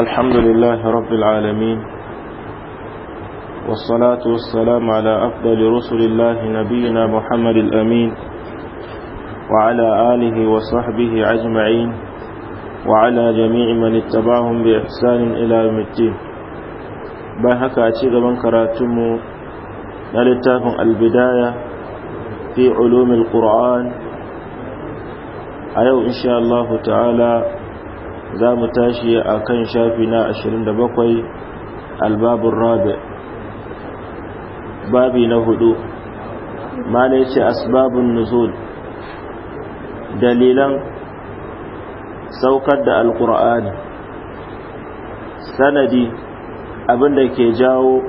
الحمد لله رب العالمين والصلاة والسلام على أفضل رسل الله نبينا محمد الأمين وعلى آله وصحبه أجمعين وعلى جميع من اتبعهم بإحسان إلى يوم الدين باهك أتيغ من كراتم للتاف البداية في علوم القرآن أيو إن شاء الله تعالى za mu tashi a kan shafi na 27 albabun rabe babi na hudu mana ce asbabun nuzul dalilan saukar da alkur'ani sanadi abinda ke jawo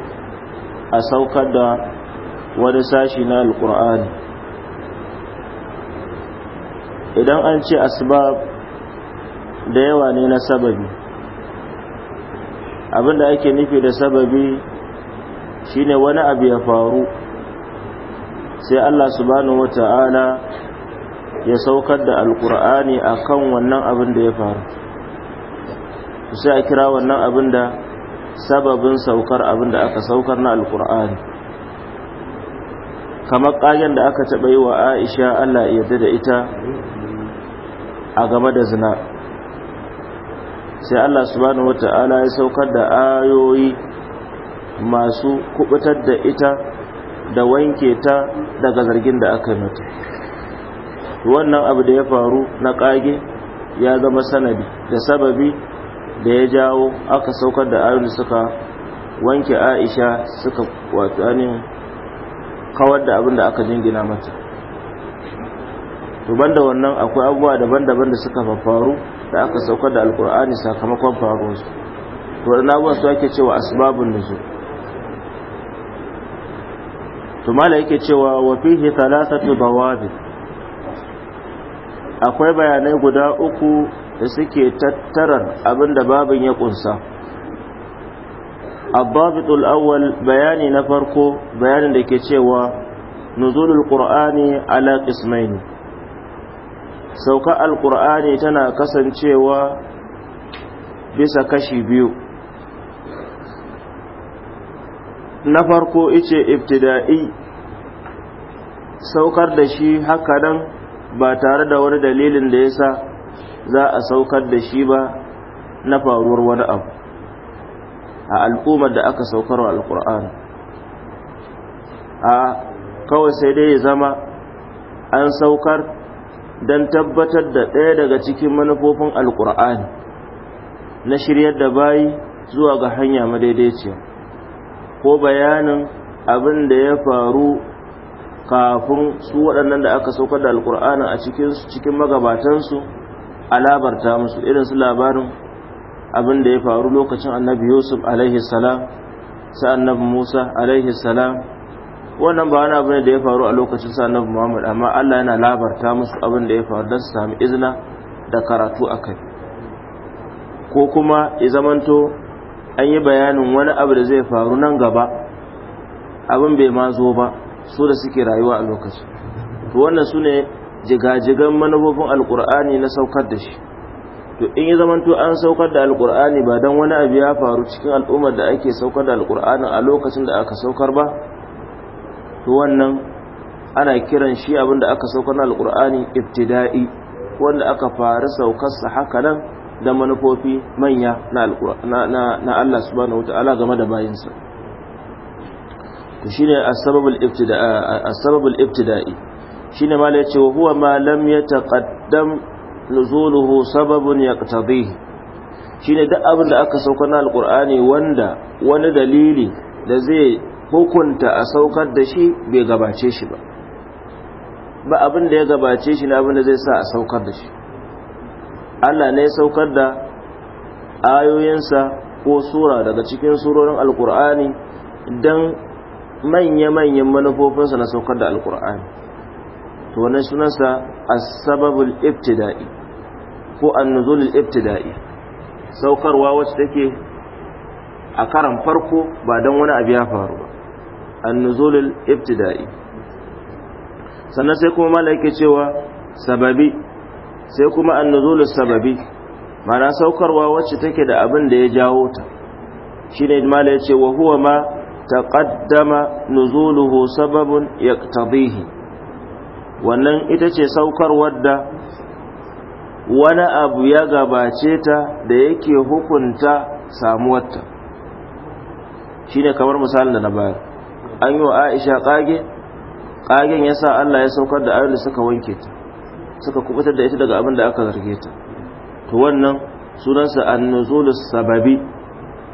a saukar da wani sashi na alkur'ani idan an ce asibab. da yawa ne na sababi abinda ake nufi da sababi shine wani abu ya faru sai Allah subhanahu wata'ala ya saukar da alkur'ani akan wannan abin da ya faru sai a kira wannan abin da sababin saukar abin da aka saukar na alkur'ani kamar ƙagen da aka taɓa yi wa aisha Allah ya yarda da ita a game da zina sai Allah subhanahu wata'ala ya saukar da ayoyi masu kubutar da ita da wanke ta daga zargin da aka mata wannan abu da ya faru na kage ya zama sanadi da sababi da ya jawo aka saukar da ayoyin suka wanke Aisha suka wato anin kawar da abin da aka jingina mata to banda wannan akwai abubuwa daban-daban da suka faru da aka sauka da alkur'ani sakamakon faruwar su to da abubuwa su ake cewa asbabun nuzul to mala yake cewa wa fihi thalathatu bawabi akwai bayanai guda uku da suke tattarar da babin ya kunsa bayani na farko, bayanin da ke cewa nuzulul qur'ani ala qismaini sauka alkur'ani tana kasancewa bisa kashi biyu na farko ice ibtida'i saukar da shi haka nan ba tare da wani dalilin da yasa za a saukar da shi ba na faruwar wani abu a al'ummar da aka saukar saukarwa alkur'ani a kawai sai dai ya zama an saukar don tabbatar da ɗaya daga cikin manufofin Alƙur'ani na shiryar da bayi zuwa ga hanya madaidaiciya ko bayanin abin da ya faru kafin su waɗannan da aka saukar da Alƙur'ani a cikin magabatansu a labarta musu irin su labarin abin da ya faru lokacin annabi yusuf alaihi salam sa annabi musa alaihi salam wannan ba wani abu ne da ya faru a lokacin sa annabi Muhammad amma Allah yana labarta musu abin da ya faru don su sami izina da karatu a kai ko kuma ya zamanto an yi bayanin wani abu da zai faru nan gaba abin bai ma zo ba su da suke rayuwa a lokacin to wannan su ne jigajigan manufofin alkur'ani na saukar da shi to in ya zamanto an saukar da alkur'ani ba don wani abu ya faru cikin al'ummar da ake saukar da alkur'ani a lokacin da aka saukar ba to wannan ana kiran shi abinda aka sauka na alkur'ani ibtida'i wanda aka fara saukarsa haka nan da manufofi manya na Allah subhanahu wata'ala game da bayinsa to shine as-sababul ibtida'i ibtida'i shine ma la yace huwa ma lam yataqaddam nuzuluhu sababun yaqtadihi shine duk abinda aka sauka na alkur'ani wanda wani dalili da zai hukunta a saukar da shi bai gabace shi ba ba abin da ya gabace shi na abin da zai sa a saukar da shi Allah ne ya saukar da ayoyinsa ko sura daga cikin surorin alkur'ani don manya-manyan manufofinsa na saukar da alkur'ani to wani sunansa asbabul ibtida'i ko annuzulul ibtida'i saukarwa wacce take a karan farko ba don wani abu ya faru ba annuzulul ibtida'i sannan sai kuma mala'ike cewa sababi sai kuma annuzulul sababi mana saukarwa wacce take da abin da ya jawo ta shine mala yace wa huwa ma taqaddama nuzuluhu sababun yaqtadihi wannan ita ce saukarwar da wani abu ya gabace ta da yake hukunta samuwarta shine kamar misalin da na bayar an yi wa aisha kage kagen ya sa allah ya saukar da ayoyin suka wanke ta suka kubutar da ita daga abin da aka zarge ta to wannan sunansa annuzulus sababi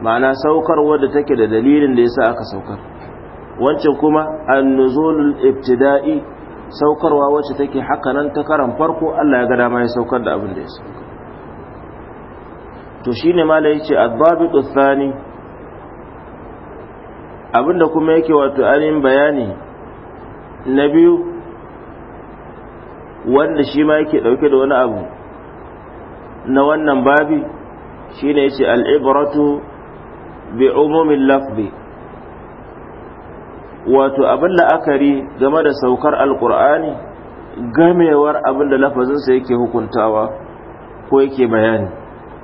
ma'ana saukar da take da dalilin da yasa aka saukar wancan kuma annuzulul ibtida'i saukarwa wacce take haka nan ta karan farko Allah ya ga dama ya saukar da abin da ya saukar to shine malai yace adbabitu tsani abinda kuma yake wato ainihin bayani na biyu wanda shi ma yake dauke da wani abu na wannan babi shine yace ce al’ibratu bi umumin wato abin la'akari game da saukar alkur'ani gamewar abin da lafazinsa yake hukuntawa ko yake bayani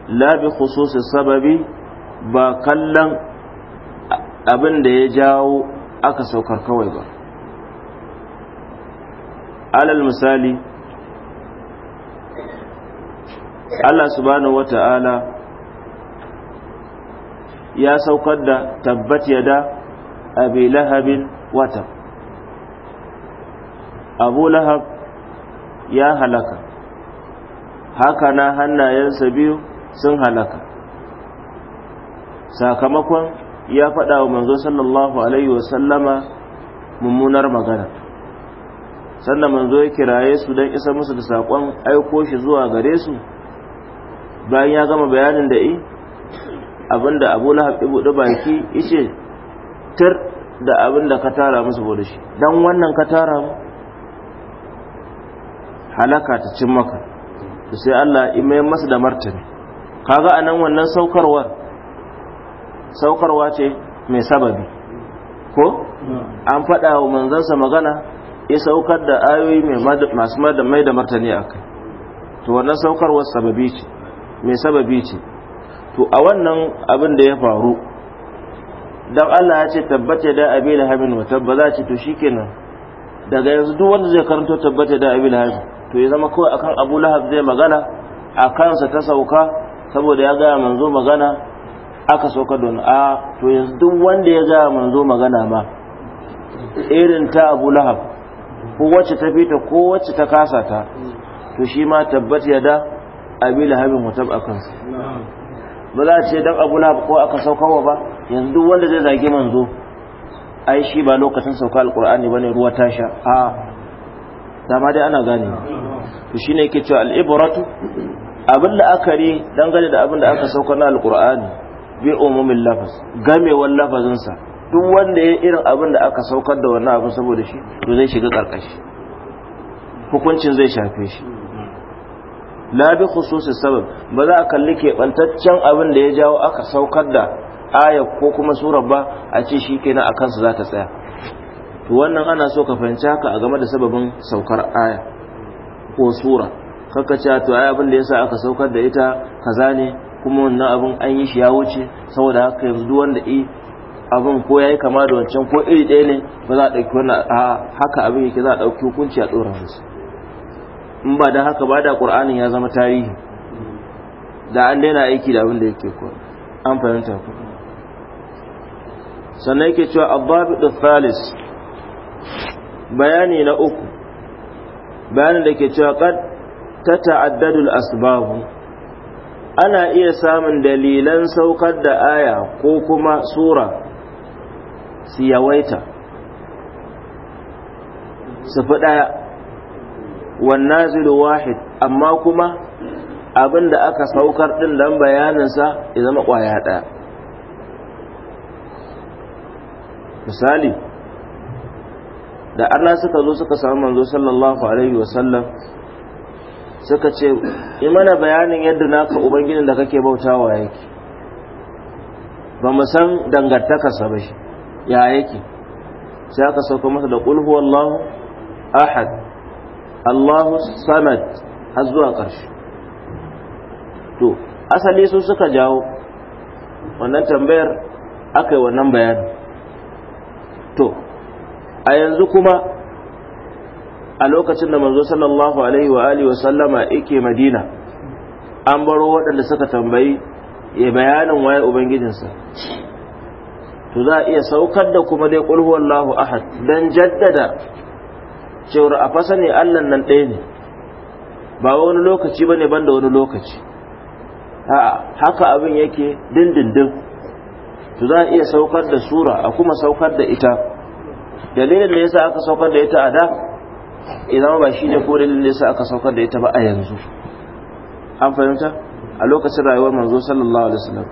labi bi sababi ba kallon abin da ya jawo aka saukar kawai ba alal misali Allah subhanahu wata'ala ya saukar da tabbat yada abi lahabin wata abu lahab ya halaka haka na hannayensa biyu sun halaka sakamakon ya faɗa wa manzo sallallahu alaihi wasallama mummunar magana sannan manzo ya kiraye su don isa musu da saƙon aiko shi zuwa gare su bayan ya gama bayanin da i abinda abu lahab ibu da baki ice tir da abinda ka tara musu bude shi don wannan ka tara mu halaka ta cin maka sai Allah imai masu da martani kaga anan wannan saukarwar saukarwa ce mai sababi ko an faɗa wa manzansa magana ya saukar da ayoyi masu mai da martani a kai to wannan saukarwar sababi ce mai sababi ce to a wannan abin da ya faru don Allah ya ce tabbata da abi lahabin wa tabbaza ce to shikenan daga yanzu duk wanda zai karanto tabbata da abi lahabin to ya zama kawai akan abu lahab zai magana a kansa ta sauka saboda ya gaya manzo magana aka sauka don a ah, to yanzu duk wanda ya gaya manzo magana ma irin ta abu lahab ko wacce ta fita ko wacce ta kasa ta to shi ma tabbat ya da abi lahabin mutab a kansa ba za a ce dan abu lahab ko aka sauka wa ba yanzu duk wanda zai zage manzo ai shi ba lokacin sauka alkur'ani bane ruwa ta sha a dama dai ana gane to shine yake cewa al-ibratu abin la'akari dangane da abin da aka sauka na alkur'ani bi umumin lafaz gamewar lafazinsa duk wanda ya irin abin da aka saukar da wannan abin saboda shi to zai shiga karkashi hukuncin zai shafe shi la bi khususi sabab ba za a kalli keɓantaccen abin da ya jawo aka saukar da aya ko kuma surar ba a ce shi kenan a kansa za ta tsaya to wannan ana so ka fahimci haka a game da sababin saukar aya ko sura kakka cewa to ai abin da yasa aka saukar da ita kaza ne kuma wannan abin an yi shi ya wuce saboda haka yanzu duk wanda i abin ko yayi kama da wancan ko iri ɗaya ne ba za a ɗauki wannan haka abin yake za a ɗauki hukunci a ɗora su in ba da haka ba da ƙur'anin ya zama tarihi da an daina aiki da abin da yake ko an fahimta ku sannan yake cewa da thalis bayani na uku bayanin da ke cewa kad ta ta'addadul asbabu ana iya samun dalilan saukar da aya ko kuma sura su yawaita su fi ɗaya wannan wahid amma kuma abin da aka saukar ɗin don bayaninsa ya zama ƙwaya ɗaya misali da Allah suka zo suka samu manzo sallallahu alaihi wasallam suka ce yi mana bayanin yadda naka ubangijin da kake wa yake ba mu san dangantakarsa ba shi ya yake sai aka sauka masa da kulhu Allahu ahad Allahu samad har zuwa karshe to asali su suka jawo wannan tambayar aka yi wannan bayanin to a yanzu kuma a lokacin da manzo sallallahu alaihi wa alihi wa sallama yake madina an baro waɗanda suka tambayi ya bayanin waye ubangijinsa to za a iya saukar da kuma dai qul huwallahu ahad dan jaddada cewa a fasa ne Allah nan ɗaya ne ba wani lokaci bane banda wani lokaci a'a haka abin yake dindindin to za iya saukar da sura a kuma saukar da ita dalilin da yasa aka saukar da ita a da idan ba shi ne ko dalilin sa aka saukar da ita ba a yanzu an fahimta a lokacin rayuwar manzo sallallahu alaihi wasallam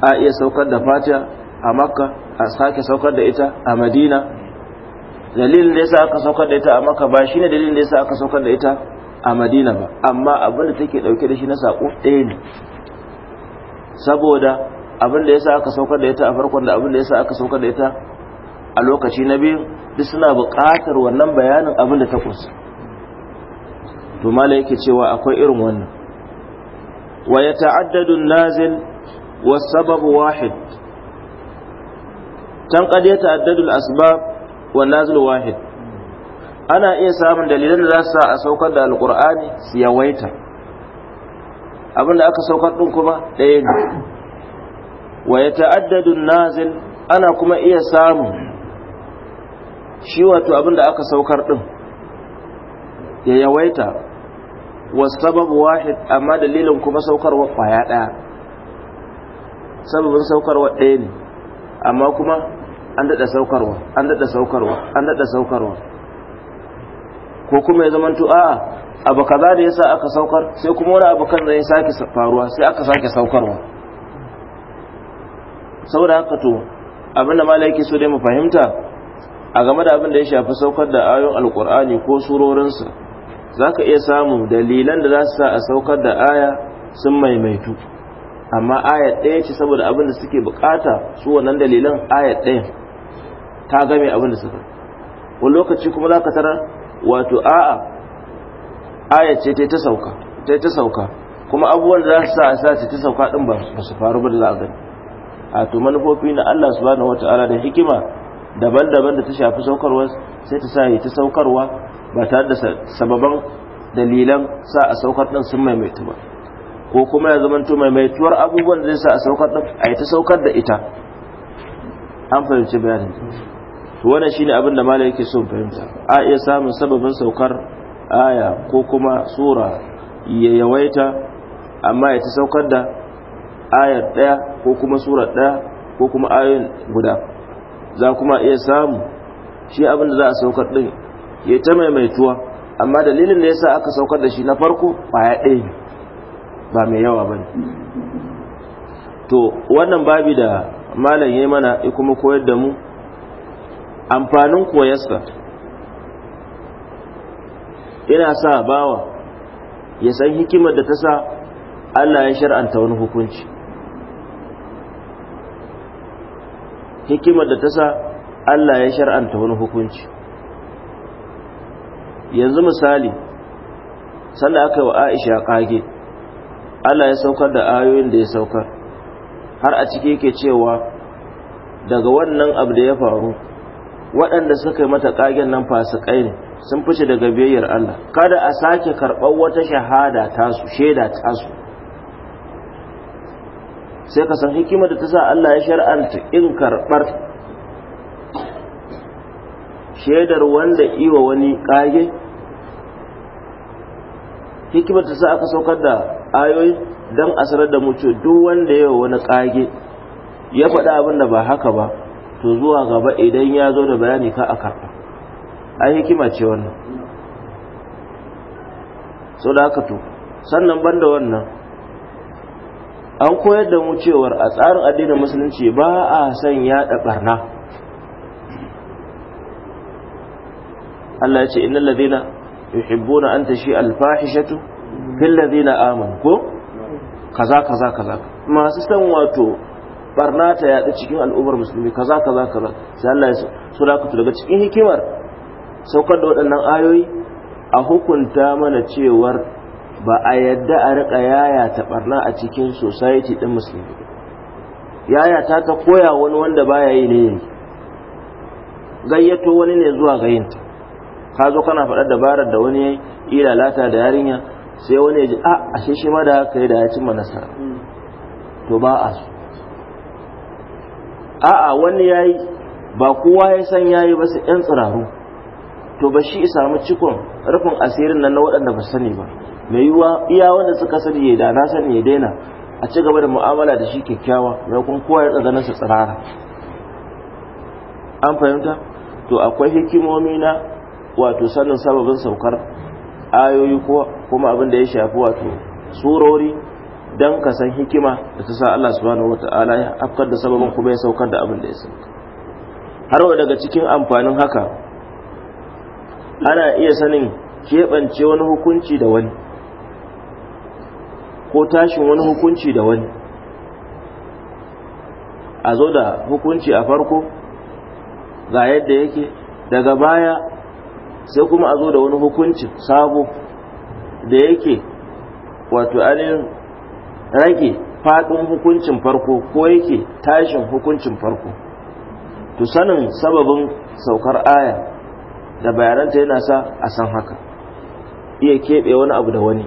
a iya saukar da fatiha a makka a sake saukar da ita a madina dalilin da yasa aka saukar da ita a makka ba shine dalilin da yasa aka saukar da ita a madina ba amma abin da take dauke da shi na sako ɗaya ne saboda abin da yasa aka saukar da ita a farkon da abin da yasa aka saukar da ita a lokaci na biyu duk suna buƙatar wannan bayanin abin da ta kusa to mala yake cewa akwai irin wannan wa ya ta'addadu nazil wa sababu wahid tan qad ya ta'addadu asbab wa nazil wahid ana iya samun dalilan da za su sa a saukar da alqur'ani su yawaita abin da aka saukar din kuma ɗaya ne wa ya ta'addadu nazil ana kuma iya samun shi wato abin da aka saukar din ya yawaita sababu wahid amma dalilin kuma saukarwa kwaya ɗaya sababin saukarwa ɗaya ne amma kuma an daɗa saukarwa an daɗa saukarwa an daɗa saukarwa ko kuma ya zamanto a abu kaza da yasa aka saukar sai kuma wani abu kan zai sake faruwa sai aka sake saukarwa saboda haka to abinda da so dai mu fahimta a game da abin da ya shafi saukar da ayoyin alkur'ani ko surorinsa za ka iya samun dalilan da za su sa a saukar da aya sun maimaitu amma aya ɗaya ce saboda abin da suke bukata su wannan dalilan aya ɗaya ta game abin da suka wani lokaci kuma za ka tara wato a'a aya ce ta ta sauka ta ta sauka kuma abubuwan da za su sa a sa ce ta sauka ɗin ba su faru ba da za a gani a to manufofi na Allah subhanahu wata'ala da hikima daban-daban da ta shafi saukarwa sai ta sa yi ta saukarwa ba tare da sababan dalilan sa a saukar ɗin sun maimaitu ba ko kuma ya zama to maimaituwar abubuwan da zai sa a saukar ɗin a yi ta saukar da ita an fahimci bayanin to wannan shine abin da malai yake so fahimta a iya samun sababin saukar aya ko kuma sura ya yawaita amma ya ta saukar da ayar ɗaya ko kuma surar ɗaya ko kuma ayoyin guda za kuma iya samu shi abinda za a saukar ɗin ya ta maimaituwa amma dalilin da sa aka saukar da shi na farko kwaya ɗaya ba mai yawa ba ne to wannan babi da malam ya mana ya kuma koyar da mu amfanin koyarsa ina sa bawa ya san hikimar da ta sa Allah ya shar'anta wani hukunci hikimar da ta sa Allah ya shar'anta wani hukunci yanzu misali sanda aka yi wa Aisha kage Allah ya saukar da ayoyin da ya saukar har a ciki yake cewa daga wannan abu da ya faru waɗanda suka yi mata kagen nan fasikai ne sun fice daga biyayyar Allah kada a sake karɓar wata shahada tasu shaida tasu sai ka san hikimar da ta sa Allah ya shar'anta in karɓar shaidar wanda iwa wani ƙage hikimar ta sa aka saukar da ayoyi don a sanar da mutu duk wanda yawa wani ƙage ya faɗi abin da ba haka ba to zuwa gaba idan ya zo da bayani ka a karɓa ai hikima ce wannan sau da haka to sannan banda wannan an koyar da mu cewar a tsarin addinin musulunci ba a son yaɗa barna Allah ya ce innal ladina yuhibbuna an tashi al-fahishatu fil ladina amanu ko kaza kaza kaza masu san wato barna ta yaɗa cikin al'ummar musulmi kaza kaza kaza sai Allah ya sura ku daga cikin hikimar saukar da waɗannan ayoyi a hukunta mana cewar ba a yadda a riƙa yaya ta barna a cikin society ɗin musulmi yaya ta ta koya wani wanda baya yi ne yayi gayyato wani ne zuwa gayinta ka zo kana faɗar dabarar da wani yayi ila lata da yarinya sai wani ya ji a ah, ashe shi ma da haka yi da ya cimma nasara to ba a so a'a wani yayi ba kowa ya san yayi ba sai yan tsiraru to ba shi samu cikon rufin asirin nan na waɗanda ba sani ba mai yiwuwa iya wanda suka sani ya da na sani ya daina a ci gaba da mu'amala da shi kyakkyawa kun kowa ya tsaganin nasa tsirara an fahimta to akwai hikimomi na wato sanin sababin saukar ayoyi ko kuma abin da ya shafi wato surori don ka san hikima da ta sa Allah subhanahu wata'ala ya afkar da sababin kuma ya saukar da abin da ya sauka har wa daga cikin amfanin haka ana iya sanin keɓance wani hukunci da wani ko tashin wani hukunci da wani a zo da hukunci a farko ga yadda yake daga baya sai kuma a zo da wani hukuncin sabo da yake wato alin rage faɗin hukuncin farko ko yake tashin hukuncin farko to sanin sababin saukar aya da bayananta yana sa a san haka iya keɓe wani abu da wani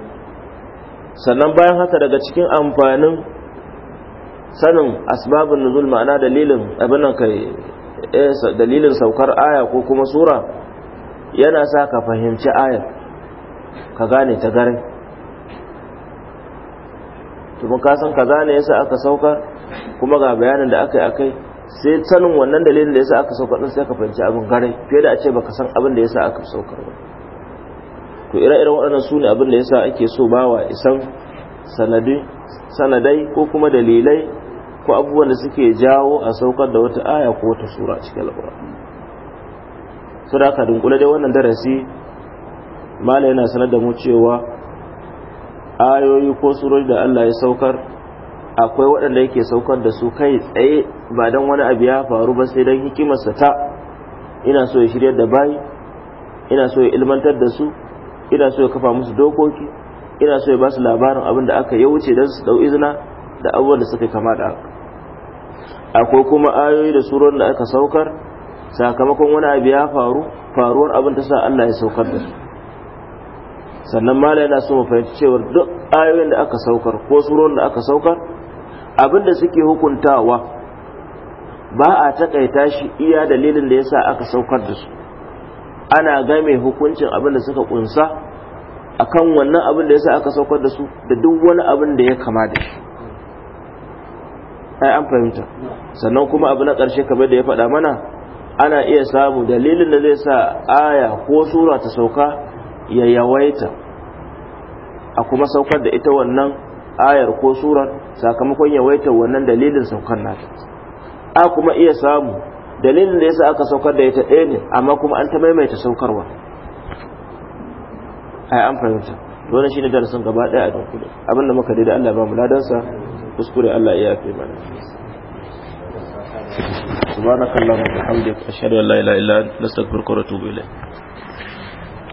sannan bayan haka daga cikin amfanin sanin asbabun nuzul ma'ana dalilin abin kai eh, dalilin saukar aya ko kuma sura yana sa ka fahimci ayar ka gane ta garin kasan ka san kaza ne yasa aka saukar kuma ga bayanin da aka yi yi sai sanin wannan dalilin da yasa aka saukar din sai ka fahimci abin garai fiye da a ce baka san abin da yasa aka saukar ba to ire-iren waɗannan su ne abin da ya sa ake so ba wa isan sanadai ko kuma dalilai ko abubuwan da suke jawo a saukar da wata aya ko wata sura cikin alƙur'ani su da aka dunkule dai wannan darasi mala yana sanar da mu cewa ayoyi ko surori da Allah ya saukar akwai waɗanda yake saukar da su kai tsaye ba don wani abu ya faru ba sai don hikimarsa ta ina so ya shirya da bayi ina so ya ilmantar da su ina so ya kafa musu dokoki ina so ya ba su labarin abin da aka ya wuce don su dau izina da abubuwan da suka kama da haka akwai kuma ayoyi da surorin da aka saukar sakamakon wani abu ya faru faruwar abin ta sa Allah ya saukar da su sannan mala yana so mu fahimci cewar duk ayoyin da aka saukar ko surorin da aka saukar abin da suke hukuntawa ba a takaita shi iya dalilin da yasa aka saukar da su ana game hukuncin abin da suka kunsa akan wannan abin da yasa aka saukar da su da duk wani abin da ya kama da shi ai an fahimta sannan kuma abu na ƙarshe kamar da ya faɗa mana ana iya samu dalilin da zai sa aya ko sura ta sauka ya yawaita a kuma saukar da ita wannan ayar ko surar sakamakon yawaita wannan dalilin saukar nata a kuma iya samu dalilin da yasa aka saukar da ita ɗaya ne amma kuma an ta maimaita saukarwa ai an fahimta shi shine darasin gaba ɗaya a Abin abinda muka da Allah ba mu ladansa kuskure Allah ya yafe mana subhanakallahumma wa bihamdika ashhadu an la ilaha illa anta astaghfiruka wa atubu ilayk